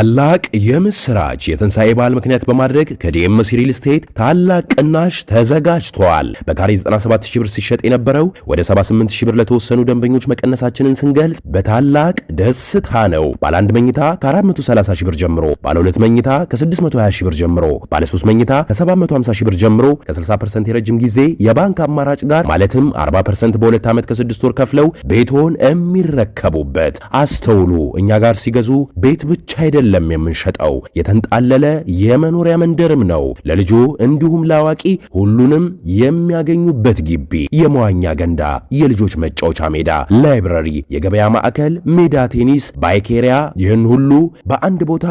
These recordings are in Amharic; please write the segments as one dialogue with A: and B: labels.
A: ታላቅ የምስራች የትንሣኤ በዓል ምክንያት በማድረግ ከዲኤምሲ ሪል ስቴት ታላቅ ቅናሽ ተዘጋጅቷል። በካሬ 97 ሺህ ብር ሲሸጥ የነበረው ወደ 78 ሺህ ብር ለተወሰኑ ደንበኞች መቀነሳችንን ስንገልጽ በታላቅ ደስታ ነው። ባለ አንድ መኝታ ከ430 ሺህ ብር ጀምሮ፣ ባለ ሁለት መኝታ ከ620 ሺህ ብር ጀምሮ፣ ባለ ሶስት መኝታ ከ750 ሺህ ብር ጀምሮ ከ60% የረጅም ጊዜ የባንክ አማራጭ ጋር ማለትም 40% በሁለት ዓመት ከስድስት ወር ከፍለው ቤቶን የሚረከቡበት አስተውሉ። እኛ ጋር ሲገዙ ቤት ብቻ አይደለም አይደለም የምንሸጠው፣ የተንጣለለ የመኖሪያ መንደርም ነው። ለልጆ እንዲሁም ለአዋቂ ሁሉንም የሚያገኙበት ግቢ፣ የመዋኛ ገንዳ፣ የልጆች መጫወቻ ሜዳ፣ ላይብረሪ፣ የገበያ ማዕከል፣ ሜዳ ቴኒስ፣ ባይኬሪያ፣ ይህን ሁሉ በአንድ ቦታ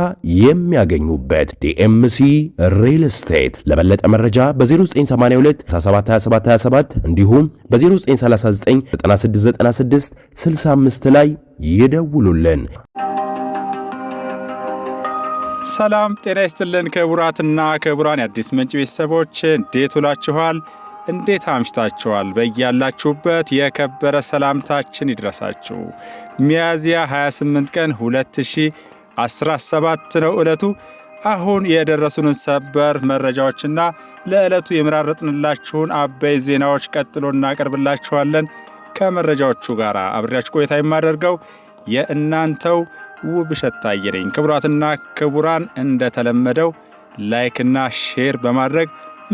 A: የሚያገኙበት ዲኤምሲ ሪል ስቴት። ለበለጠ መረጃ በ0982 እንዲሁም በ0939 65 ላይ ይደውሉልን።
B: ሰላም ጤና ይስጥልን። ክቡራትና ክቡራን የአዲስ ምንጭ ቤተሰቦች እንዴት ውላችኋል? እንዴት አምሽታችኋል? በያላችሁበት የከበረ ሰላምታችን ይድረሳችሁ። ሚያዝያ 28 ቀን 2017 ነው ዕለቱ። አሁን የደረሱንን ሰበር መረጃዎችና ለዕለቱ የመራረጥንላችሁን አበይ ዜናዎች ቀጥሎ እናቀርብላችኋለን። ከመረጃዎቹ ጋር አብሬያችሁ ቆይታ የማደርገው የእናንተው ውብ እሸት ታየነኝ። ክቡራትና ክቡራን እንደተለመደው ላይክና ሼር በማድረግ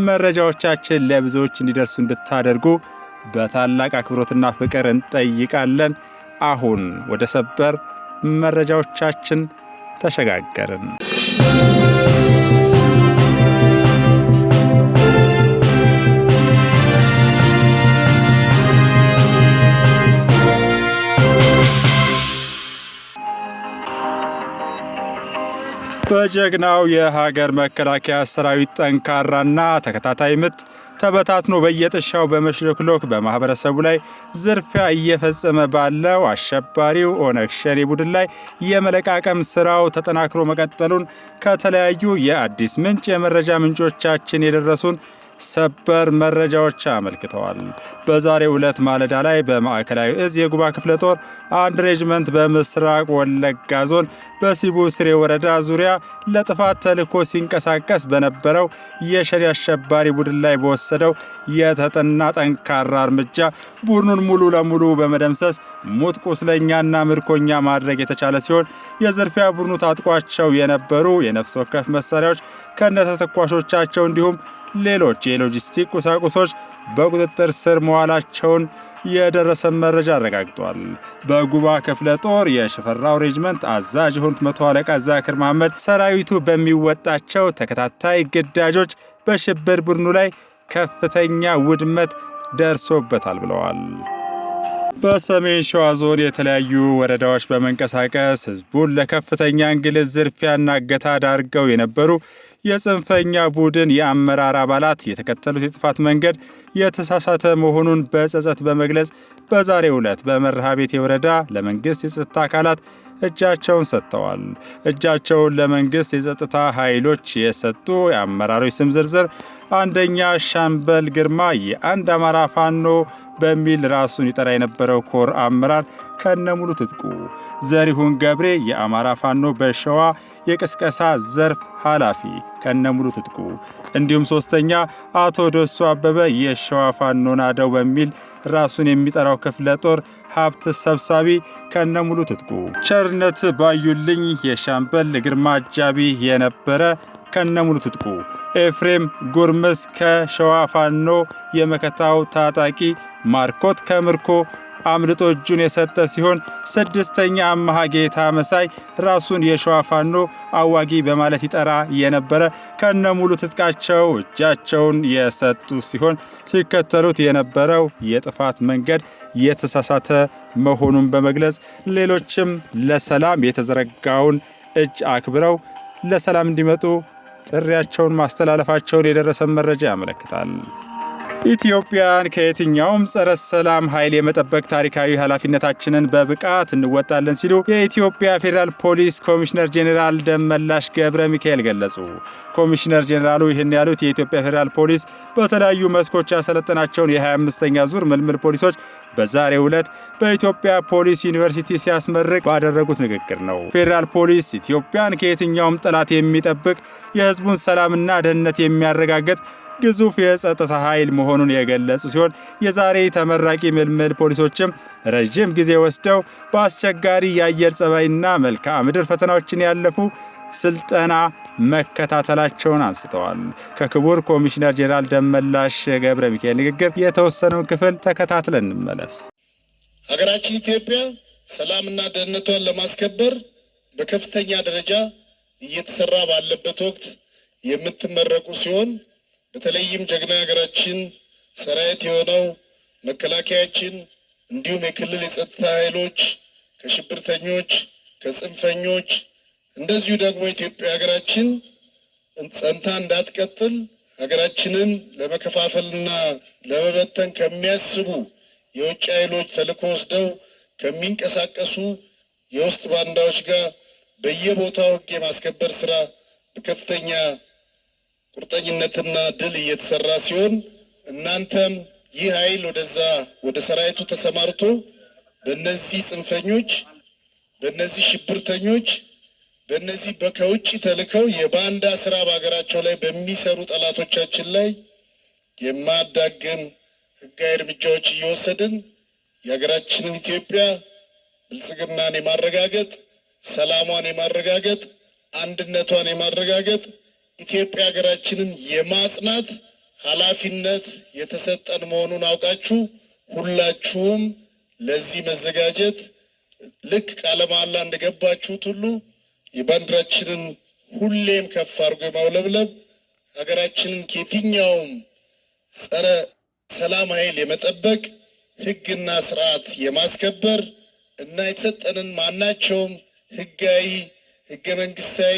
B: መረጃዎቻችን ለብዙዎች እንዲደርሱ እንድታደርጉ በታላቅ አክብሮትና ፍቅር እንጠይቃለን። አሁን ወደ ሰበር መረጃዎቻችን ተሸጋገርን። በጀግናው የሀገር መከላከያ ሰራዊት ጠንካራና ተከታታይ ምት ተበታትኖ በየጥሻው በመሽሎክሎክ በማህበረሰቡ ላይ ዝርፊያ እየፈጸመ ባለው አሸባሪው ኦነግ ሸኔ ቡድን ላይ የመለቃቀም ስራው ተጠናክሮ መቀጠሉን ከተለያዩ የአዲስ ምንጭ የመረጃ ምንጮቻችን የደረሱን ሰበር መረጃዎች አመልክተዋል። በዛሬ ዕለት ማለዳ ላይ በማዕከላዊ እዝ የጉባ ክፍለ ጦር አንድ ሬጅመንት በምስራቅ ወለጋ ዞን በሲቡ ስሬ ወረዳ ዙሪያ ለጥፋት ተልዕኮ ሲንቀሳቀስ በነበረው የሸኔ አሸባሪ ቡድን ላይ በወሰደው የተጠና ጠንካራ እርምጃ ቡድኑን ሙሉ ለሙሉ በመደምሰስ ሙት ቁስለኛና ምርኮኛ ማድረግ የተቻለ ሲሆን የዝርፊያ ቡድኑ ታጥቋቸው የነበሩ የነፍስ ወከፍ መሳሪያዎች ከነተተኳሾቻቸው እንዲሁም ሌሎች የሎጂስቲክ ቁሳቁሶች በቁጥጥር ስር መዋላቸውን የደረሰን መረጃ አረጋግጧል። በጉባ ክፍለ ጦር የሽፈራው ሬጅመንት አዛዥ የሆኑት መቶ አለቃ ዛክር መሐመድ ሰራዊቱ በሚወጣቸው ተከታታይ ግዳጆች በሽብር ቡድኑ ላይ ከፍተኛ ውድመት ደርሶበታል ብለዋል። በሰሜን ሸዋ ዞን የተለያዩ ወረዳዎች በመንቀሳቀስ ህዝቡን ለከፍተኛ እንግልት፣ ዝርፊያና እገታ ዳርገው የነበሩ የጽንፈኛ ቡድን የአመራር አባላት የተከተሉት የጥፋት መንገድ የተሳሳተ መሆኑን በጸጸት በመግለጽ በዛሬው ዕለት በመርሃቤቴ ወረዳ ለመንግሥት የጸጥታ አካላት እጃቸውን ሰጥተዋል። እጃቸውን ለመንግሥት የጸጥታ ኃይሎች የሰጡ የአመራሮች ስም ዝርዝር አንደኛ ሻምበል ግርማ የአንድ አማራ ፋኖ በሚል ራሱን ይጠራ የነበረው ኮር አመራር ከነሙሉ ትጥቁ፣ ዘሪሁን ገብሬ የአማራ ፋኖ በሸዋ የቅስቀሳ ዘርፍ ኃላፊ ከነሙሉ ትጥቁ እንዲሁም ሶስተኛ አቶ ደሱ አበበ የሸዋ ፋኖ ናደው በሚል ራሱን የሚጠራው ክፍለ ጦር ሀብት ሰብሳቢ ከነሙሉ ትጥቁ ቸርነት ባዩልኝ የሻምበል ግርማ አጃቢ የነበረ ከነሙሉ ትጥቁ ኤፍሬም ጉርምስ ከሸዋ ፋኖ የመከታው ታጣቂ ማርኮት ከምርኮ አምልጦ እጁን የሰጠ ሲሆን ስድስተኛ አመሃ ጌታ መሳይ ራሱን የሸዋ ፋኖ አዋጊ በማለት ይጠራ የነበረ ከነ ሙሉ ትጥቃቸው እጃቸውን የሰጡ ሲሆን ሲከተሉት የነበረው የጥፋት መንገድ የተሳሳተ መሆኑን በመግለጽ ሌሎችም ለሰላም የተዘረጋውን እጅ አክብረው ለሰላም እንዲመጡ ጥሪያቸውን ማስተላለፋቸውን የደረሰ መረጃ ያመለክታል። ኢትዮጵያን ከየትኛውም ጸረ ሰላም ኃይል የመጠበቅ ታሪካዊ ኃላፊነታችንን በብቃት እንወጣለን ሲሉ የኢትዮጵያ ፌዴራል ፖሊስ ኮሚሽነር ጄኔራል ደመላሽ ገብረ ሚካኤል ገለጹ። ኮሚሽነር ጄኔራሉ ይህን ያሉት የኢትዮጵያ ፌዴራል ፖሊስ በተለያዩ መስኮች ያሰለጠናቸውን የ25ኛ ዙር ምልምል ፖሊሶች በዛሬው ዕለት በኢትዮጵያ ፖሊስ ዩኒቨርሲቲ ሲያስመርቅ ባደረጉት ንግግር ነው። ፌዴራል ፖሊስ ኢትዮጵያን ከየትኛውም ጠላት የሚጠብቅ የህዝቡን ሰላምና ደህንነት የሚያረጋግጥ ግዙፍ የጸጥታ ኃይል መሆኑን የገለጹ ሲሆን የዛሬ ተመራቂ ምልምል ፖሊሶችም ረዥም ጊዜ ወስደው በአስቸጋሪ የአየር ጸባይና መልክዓ ምድር ፈተናዎችን ያለፉ ስልጠና መከታተላቸውን አንስተዋል። ከክቡር ኮሚሽነር ጄኔራል ደመላሽ ገብረ ሚካኤል ንግግር የተወሰነውን ክፍል ተከታትለን እንመለስ።
C: ሀገራችን ኢትዮጵያ ሰላምና ደህንነቷን ለማስከበር በከፍተኛ ደረጃ እየተሰራ ባለበት ወቅት የምትመረቁ ሲሆን በተለይም ጀግና ሀገራችን ሰራዊት የሆነው መከላከያችን እንዲሁም የክልል የጸጥታ ኃይሎች ከሽብርተኞች፣ ከጽንፈኞች እንደዚሁ ደግሞ ኢትዮጵያ ሀገራችን ጸንታ እንዳትቀጥል ሀገራችንን ለመከፋፈልና ለመበተን ከሚያስቡ የውጭ ኃይሎች ተልዕኮ ወስደው ከሚንቀሳቀሱ የውስጥ ባንዳዎች ጋር በየቦታው ሕግ የማስከበር ስራ በከፍተኛ ቁርጠኝነትና ድል እየተሰራ ሲሆን እናንተም ይህ ኃይል ወደዛ ወደ ሰራዊቱ ተሰማርቶ በእነዚህ ጽንፈኞች፣ በእነዚህ ሽብርተኞች፣ በእነዚህ ከውጭ ተልከው የባንዳ ስራ በሀገራቸው ላይ በሚሰሩ ጠላቶቻችን ላይ የማዳግም ህጋዊ እርምጃዎች እየወሰድን የሀገራችንን ኢትዮጵያ ብልጽግናን የማረጋገጥ ሰላሟን የማረጋገጥ አንድነቷን የማረጋገጥ ኢትዮጵያ ሀገራችንን የማጽናት ኃላፊነት የተሰጠን መሆኑን አውቃችሁ ሁላችሁም ለዚህ መዘጋጀት ልክ ቃለ መሃላ እንደገባችሁት ሁሉ የባንዲራችንን ሁሌም ከፍ አድርጎ የማውለብለብ ሀገራችንን ከየትኛውም ጸረ ሰላም ኃይል የመጠበቅ ሕግና ስርዓት የማስከበር እና የተሰጠንን ማናቸውም ሕጋዊ ሕገ መንግስታዊ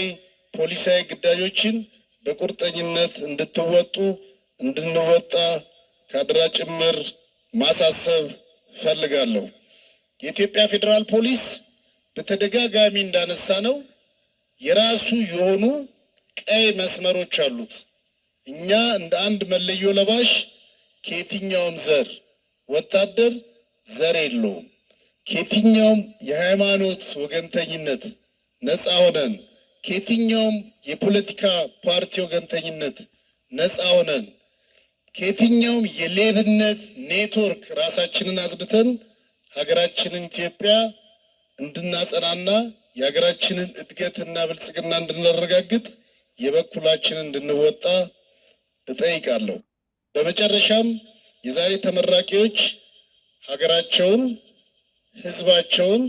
C: ፖሊሳዊ ግዳጆችን በቁርጠኝነት እንድትወጡ እንድንወጣ ከአደራ ጭምር ማሳሰብ ፈልጋለሁ የኢትዮጵያ ፌዴራል ፖሊስ በተደጋጋሚ እንዳነሳ ነው የራሱ የሆኑ ቀይ መስመሮች አሉት። እኛ እንደ አንድ መለዮ ለባሽ ከየትኛውም ዘር ወታደር ዘር የለውም። ከየትኛውም የሃይማኖት ወገንተኝነት ነፃ ሆነን ከየትኛውም የፖለቲካ ፓርቲ ወገንተኝነት ነፃ ሆነን ከየትኛውም የሌብነት ኔትወርክ ራሳችንን አጽድተን ሀገራችንን ኢትዮጵያ እንድናጸናና የሀገራችንን እድገትና ብልጽግና እንድናረጋግጥ የበኩላችንን እንድንወጣ እጠይቃለሁ። በመጨረሻም የዛሬ ተመራቂዎች ሀገራቸውን፣ ህዝባቸውን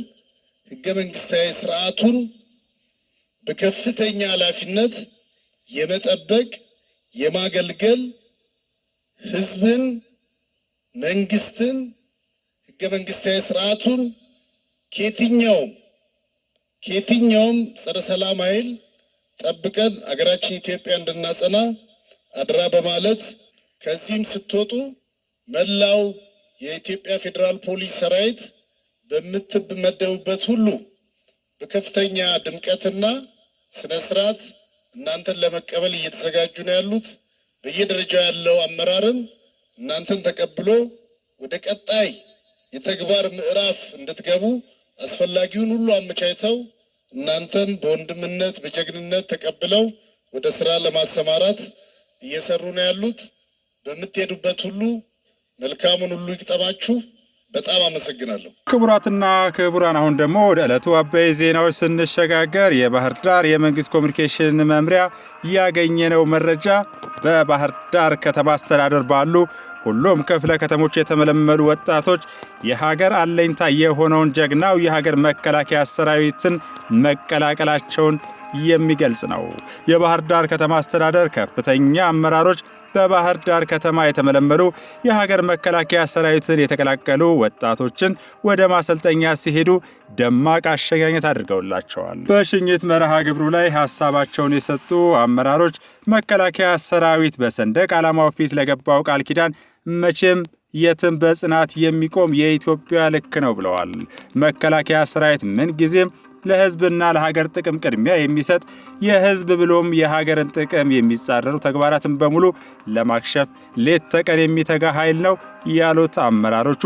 C: ህገ መንግስታዊ ስርዓቱን በከፍተኛ ኃላፊነት የመጠበቅ የማገልገል ህዝብን፣ መንግስትን፣ ህገ መንግስታዊ ስርዓቱን ከየትኛውም ከየትኛውም ጸረ ሰላም ኃይል ጠብቀን አገራችን ኢትዮጵያ እንድናጸና አድራ በማለት ከዚህም ስትወጡ መላው የኢትዮጵያ ፌዴራል ፖሊስ ሰራዊት በምትመደቡበት ሁሉ በከፍተኛ ድምቀትና ስነ ስርዓት እናንተን ለመቀበል እየተዘጋጁ ነው ያሉት። በየደረጃው ያለው አመራርም እናንተን ተቀብሎ ወደ ቀጣይ የተግባር ምዕራፍ እንድትገቡ አስፈላጊውን ሁሉ አመቻችተው እናንተን በወንድምነት በጀግንነት ተቀብለው ወደ ስራ ለማሰማራት እየሰሩ ነው ያሉት። በምትሄዱበት ሁሉ መልካሙን ሁሉ ይግጠማችሁ። በጣም አመሰግናለሁ።
B: ክቡራትና ክቡራን፣ አሁን ደግሞ ወደ ዕለቱ አበይ ዜናዎች ስንሸጋገር የባህር ዳር የመንግስት ኮሚኒኬሽን መምሪያ ያገኘነው መረጃ በባህር ዳር ከተማ አስተዳደር ባሉ ሁሉም ክፍለ ከተሞች የተመለመሉ ወጣቶች የሀገር አለኝታ የሆነውን ጀግናው የሀገር መከላከያ ሰራዊትን መቀላቀላቸውን የሚገልጽ ነው። የባህር ዳር ከተማ አስተዳደር ከፍተኛ አመራሮች በባህር ዳር ከተማ የተመለመሉ የሀገር መከላከያ ሰራዊትን የተቀላቀሉ ወጣቶችን ወደ ማሰልጠኛ ሲሄዱ ደማቅ አሸኛኘት አድርገውላቸዋል። በሽኝት መርሃ ግብሩ ላይ ሀሳባቸውን የሰጡ አመራሮች መከላከያ ሰራዊት በሰንደቅ ዓላማው ፊት ለገባው ቃል ኪዳን መቼም የትም በጽናት የሚቆም የኢትዮጵያ ልክ ነው ብለዋል። መከላከያ ሰራዊት ምን ጊዜም ለህዝብና ለሀገር ጥቅም ቅድሚያ የሚሰጥ የህዝብ ብሎም የሀገርን ጥቅም የሚጻረሩ ተግባራትን በሙሉ ለማክሸፍ ሌት ተቀን የሚተጋ ኃይል ነው። ያሉት አመራሮቹ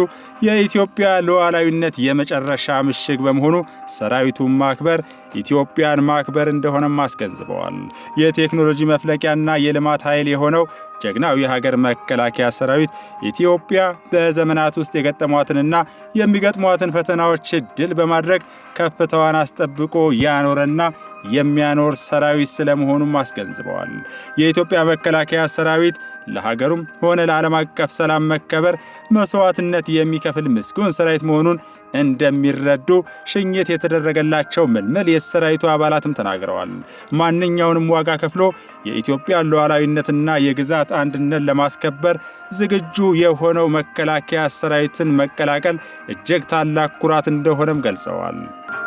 B: የኢትዮጵያ ሉዓላዊነት የመጨረሻ ምሽግ በመሆኑ ሰራዊቱን ማክበር ኢትዮጵያን ማክበር እንደሆነም አስገንዝበዋል። የቴክኖሎጂ መፍለቂያና የልማት ኃይል የሆነው ጀግናው የሀገር መከላከያ ሰራዊት ኢትዮጵያ በዘመናት ውስጥ የገጠሟትንና የሚገጥሟትን ፈተናዎች ድል በማድረግ ከፍታዋን አስጠብቆ ያኖረና የሚያኖር ሰራዊት ስለመሆኑም አስገንዝበዋል። የኢትዮጵያ መከላከያ ሰራዊት ለሀገሩም ሆነ ለዓለም አቀፍ ሰላም መከበር መስዋዕትነት የሚከፍል ምስጉን ሰራዊት መሆኑን እንደሚረዱ ሽኝት የተደረገላቸው ምልምል የሰራዊቱ አባላትም ተናግረዋል። ማንኛውንም ዋጋ ከፍሎ የኢትዮጵያ ሉዓላዊነትና የግዛት አንድነት ለማስከበር ዝግጁ የሆነው መከላከያ ሰራዊትን መቀላቀል እጅግ ታላቅ ኩራት እንደሆነም ገልጸዋል።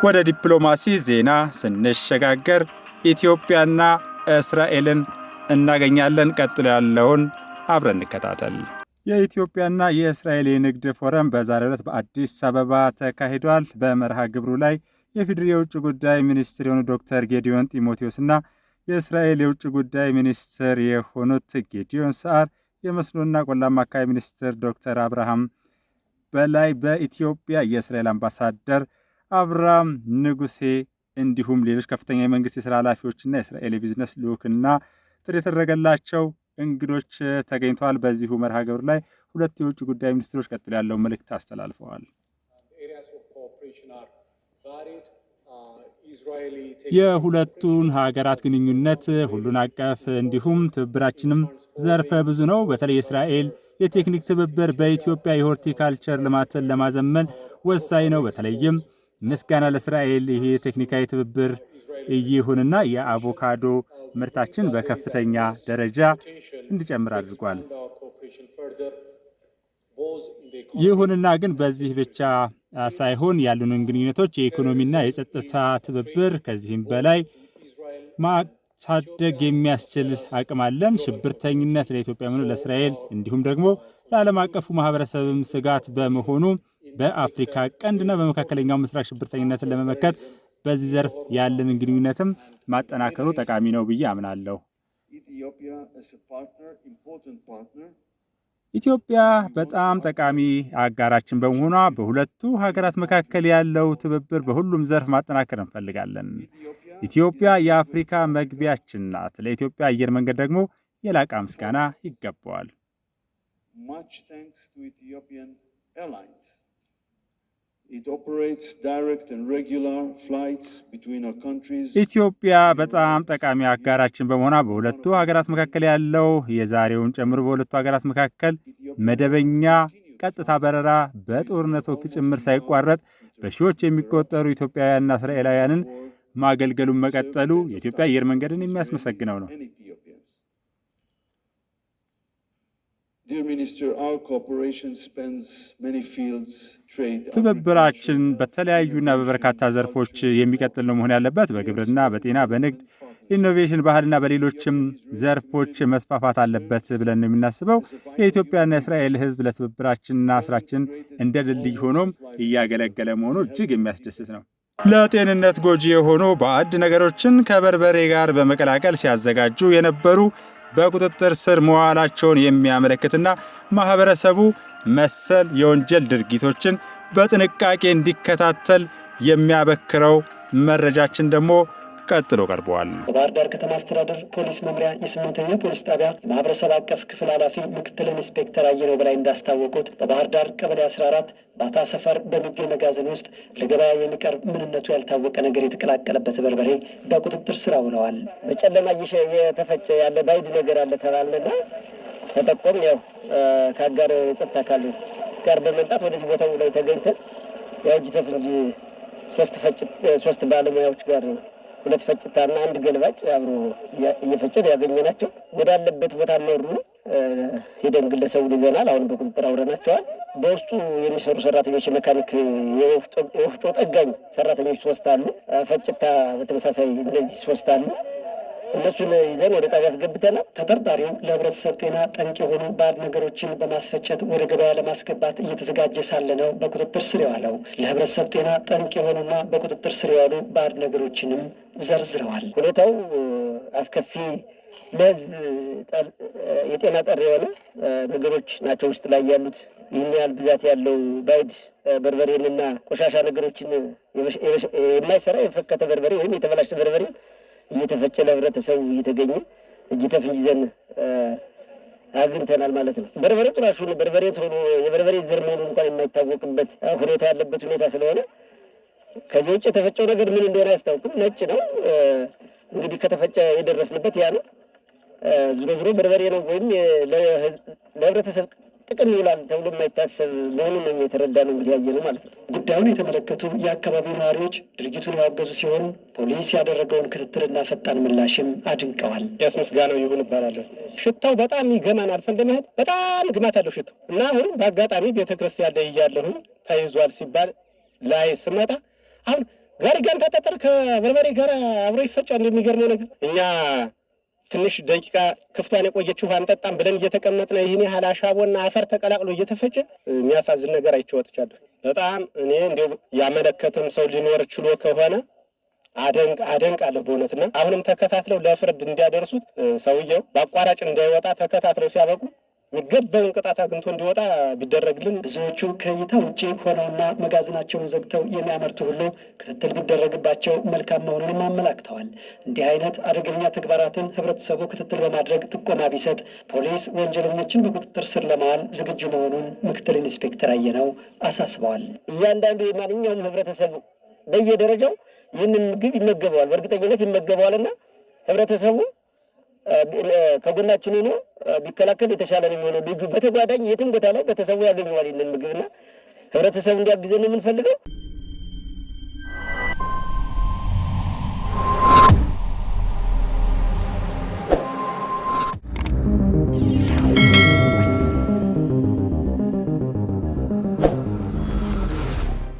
B: ወደ ዲፕሎማሲ ዜና ስንሸጋገር ኢትዮጵያና እስራኤልን እናገኛለን። ቀጥሎ ያለውን አብረን እንከታተል። የኢትዮጵያና የእስራኤል የንግድ ፎረም በዛሬ ዕለት በአዲስ አበባ ተካሂዷል። በመርሃ ግብሩ ላይ የፌዴሪ የውጭ ጉዳይ ሚኒስትር የሆኑ ዶክተር ጌዲዮን ጢሞቴዎስና የእስራኤል የውጭ ጉዳይ ሚኒስትር የሆኑት ጌዲዮን ሰዓር፣ የመስኖና ቆላማ አካባቢ ሚኒስትር ዶክተር አብርሃም በላይ፣ በኢትዮጵያ የእስራኤል አምባሳደር አብርሃም ንጉሴ እንዲሁም ሌሎች ከፍተኛ የመንግስት የስራ ኃላፊዎችና የእስራኤል የቢዝነስ ልዑክና ጥሪ የተደረገላቸው እንግዶች ተገኝተዋል። በዚሁ መርሃ ግብር ላይ ሁለት የውጭ ጉዳይ ሚኒስትሮች ቀጥሎ ያለው መልእክት አስተላልፈዋል። የሁለቱን ሀገራት ግንኙነት ሁሉን አቀፍ እንዲሁም ትብብራችንም ዘርፈ ብዙ ነው። በተለይ እስራኤል የቴክኒክ ትብብር በኢትዮጵያ የሆርቲካልቸር ልማትን ለማዘመን ወሳኝ ነው። በተለይም ምስጋና ለእስራኤል ይህ ቴክኒካዊ ትብብር ይሁንና የአቮካዶ ምርታችን በከፍተኛ ደረጃ እንዲጨምር አድርጓል። ይሁንና ግን በዚህ ብቻ ሳይሆን ያሉንን ግንኙነቶች የኢኮኖሚና የጸጥታ ትብብር ከዚህም በላይ ማሳደግ የሚያስችል አቅም አለን። ሽብርተኝነት ለኢትዮጵያ ምኑ ለእስራኤል እንዲሁም ደግሞ ለዓለም አቀፉ ማህበረሰብም ስጋት በመሆኑ በአፍሪካ ቀንድና በመካከለኛው ምስራቅ ሽብርተኝነትን ለመመከት በዚህ ዘርፍ ያለን ግንኙነትም ማጠናከሩ ጠቃሚ ነው ብዬ አምናለሁ። ኢትዮጵያ በጣም ጠቃሚ አጋራችን በመሆኗ በሁለቱ ሀገራት መካከል ያለው ትብብር በሁሉም ዘርፍ ማጠናከር እንፈልጋለን። ኢትዮጵያ የአፍሪካ መግቢያችን ናት። ለኢትዮጵያ አየር መንገድ ደግሞ የላቀ ምስጋና ይገባዋል። ኢትዮጵያ በጣም ጠቃሚ አጋራችን በመሆኗ በሁለቱ ሀገራት መካከል ያለው የዛሬውን ጨምሮ በሁለቱ ሀገራት መካከል መደበኛ ቀጥታ በረራ በጦርነት ወቅት ጭምር ሳይቋረጥ በሺዎች የሚቆጠሩ ኢትዮጵያውያንና እስራኤላውያንን ማገልገሉን መቀጠሉ የኢትዮጵያ አየር መንገድን የሚያስመሰግነው ነው። ትብብራችን በተለያዩና በበርካታ ዘርፎች የሚቀጥል ነው መሆን ያለበት። በግብርና፣ በጤና፣ በንግድ፣ ኢኖቬሽን፣ ባህልና በሌሎችም ዘርፎች መስፋፋት አለበት ብለን ነው የምናስበው። የኢትዮጵያና የእስራኤል ሕዝብ ለትብብራችንና ስራችን እንደ ድልድይ ሆኖም እያገለገለ መሆኑ እጅግ የሚያስደስት ነው። ለጤንነት ጎጂ የሆኑ ባዕድ ነገሮችን ከበርበሬ ጋር በመቀላቀል ሲያዘጋጁ የነበሩ በቁጥጥር ስር መዋላቸውን የሚያመለክትና ማህበረሰቡ መሰል የወንጀል ድርጊቶችን በጥንቃቄ እንዲከታተል የሚያበክረው መረጃችን ደግሞ ቀጥሎ ቀርበዋል። በባህር ዳር ከተማ አስተዳደር ፖሊስ መምሪያ የስምንተኛ ፖሊስ ጣቢያ የማህበረሰብ አቀፍ ክፍል ኃላፊ ምክትል ኢንስፔክተር አየነው በላይ እንዳስታወቁት በባህር ዳር ቀበሌ 14 ባታ ሰፈር በሚገኝ መጋዘን ውስጥ ለገበያ የሚቀርብ ምንነቱ ያልታወቀ ነገር የተቀላቀለበት በርበሬ በቁጥጥር ስር ውለዋል። በጨለማ የተፈጨ ያለ ባይድ ነገር አለ ተባለና ተጠቆም ያው ከአጋር የጸጥታ አካል ጋር በመምጣት ወደዚህ ቦታው ላይ ተገኝተን ያው እጅ ተፍንጅ ሶስት ባለሙያዎች ጋር ሁለት ፈጭታና አንድ ገልባጭ አብሮ እየፈጨን ናቸው። ወዳለበት ቦታ መሩ። ሄደን ግለሰቡን ይዘናል። አሁን በቁጥጥር አውረናቸዋል። በውስጡ የሚሰሩ ሰራተኞች የመካኒክ የወፍጮ ጠጋኝ ሰራተኞች ሶስት አሉ። ፈጭታ በተመሳሳይ እነዚህ ሶስት አሉ። እነሱን ይዘን ወደ ጣቢያ አስገብተናል። ተጠርጣሪው ለህብረተሰብ ጤና ጠንቅ የሆኑ ባዕድ ነገሮችን በማስፈጨት ወደ ገበያ ለማስገባት እየተዘጋጀ ሳለ ነው በቁጥጥር ስር የዋለው። ለህብረተሰብ ጤና ጠንቅ የሆኑና በቁጥጥር ስር የዋሉ ባዕድ ነገሮችንም ዘርዝረዋል። ሁኔታው አስከፊ ለህዝብ የጤና ጠር የሆነ ነገሮች ናቸው ውስጥ ላይ ያሉት። ይህን ያህል ብዛት ያለው ባዕድ በርበሬንና ቆሻሻ ነገሮችን የማይሰራ የፈከተ በርበሬ ወይም የተበላሸ በርበሬ እየተፈጨ ለህብረተሰቡ እየተገኘ እጅ ተፍንጅ ይዘን አግኝተናል ማለት ነው። በርበሬ ነው በርበሬ ሆኖ የበርበሬ ዘር መሆኑ እንኳን የማይታወቅበት ሁኔታ ያለበት ሁኔታ ስለሆነ ከዚህ ውጭ የተፈጨው ነገር ምን እንደሆነ አያስታውቅም። ነጭ ነው እንግዲህ ከተፈጨ የደረስንበት ያ ነው። ዞሮ ዞሮ በርበሬ ነው ወይም ለህብረተሰብ ጥቅም ይውላል ተብሎ የማይታሰብ መሆኑ ነው የተረዳ ነው እንግዲህ ያየ ነው ማለት ነው። ጉዳዩን የተመለከቱ የአካባቢው ነዋሪዎች ድርጊቱን ያወገዙ ሲሆን ፖሊስ ያደረገውን ክትትልና ፈጣን ምላሽም አድንቀዋል። ያስመስጋናው ይሁን ይባላል። ሽታው በጣም ይገማናል። ፈንደመህል በጣም ግማት ያለው ሽታው እና አሁን በአጋጣሚ ቤተክርስቲያን ላይ እያለሁ ተይዟል ሲባል ላይ ስመጣ አሁን ጋሪጋን ተጠጠር ከበርበሬ ጋር አብሮ ይፈጫ እንደሚገርመው ነገር እኛ ትንሽ ደቂቃ ክፍቷን የቆየችው አንጠጣም ብለን እየተቀመጥነ ይህን ያህል አሻቦና አፈር ተቀላቅሎ እየተፈጨ የሚያሳዝን ነገር አይቼወጥቻለሁ። በጣም እኔ እንዲ ያመለከተም ሰው ሊኖር ችሎ ከሆነ አደንቅ አደንቃለሁ በእውነትና አሁንም ተከታትለው ለፍርድ እንዲያደርሱት ሰውየው በአቋራጭ እንዳይወጣ ተከታትለው ሲያበቁ የሚገባውን ቅጣት አግኝቶ እንዲወጣ ቢደረግልን ብዙዎቹ ከእይታ ውጭ ሆነውና መጋዘናቸውን ዘግተው የሚያመርቱ ሁሉ ክትትል ቢደረግባቸው መልካም መሆኑንም አመላክተዋል። እንዲህ አይነት አደገኛ ተግባራትን ህብረተሰቡ ክትትል በማድረግ ጥቆማ ቢሰጥ ፖሊስ ወንጀለኞችን በቁጥጥር ስር ለማዋል ዝግጁ መሆኑን ምክትል ኢንስፔክተር አየነው አሳስበዋል። እያንዳንዱ የማንኛውም ህብረተሰቡ በየደረጃው ይህንን ምግብ ይመገበዋል፣ በእርግጠኝነት ይመገበዋልና ህብረተሰቡ ከጎናችን ሆኖ ቢከላከል የተሻለ ነው የሚሆነው። ልጁ በተጓዳኝ የትም ቦታ ላይ በተሰቡ ያገኘዋል ይንን ምግብና ህብረተሰቡ እንዲያግዘን የምንፈልገው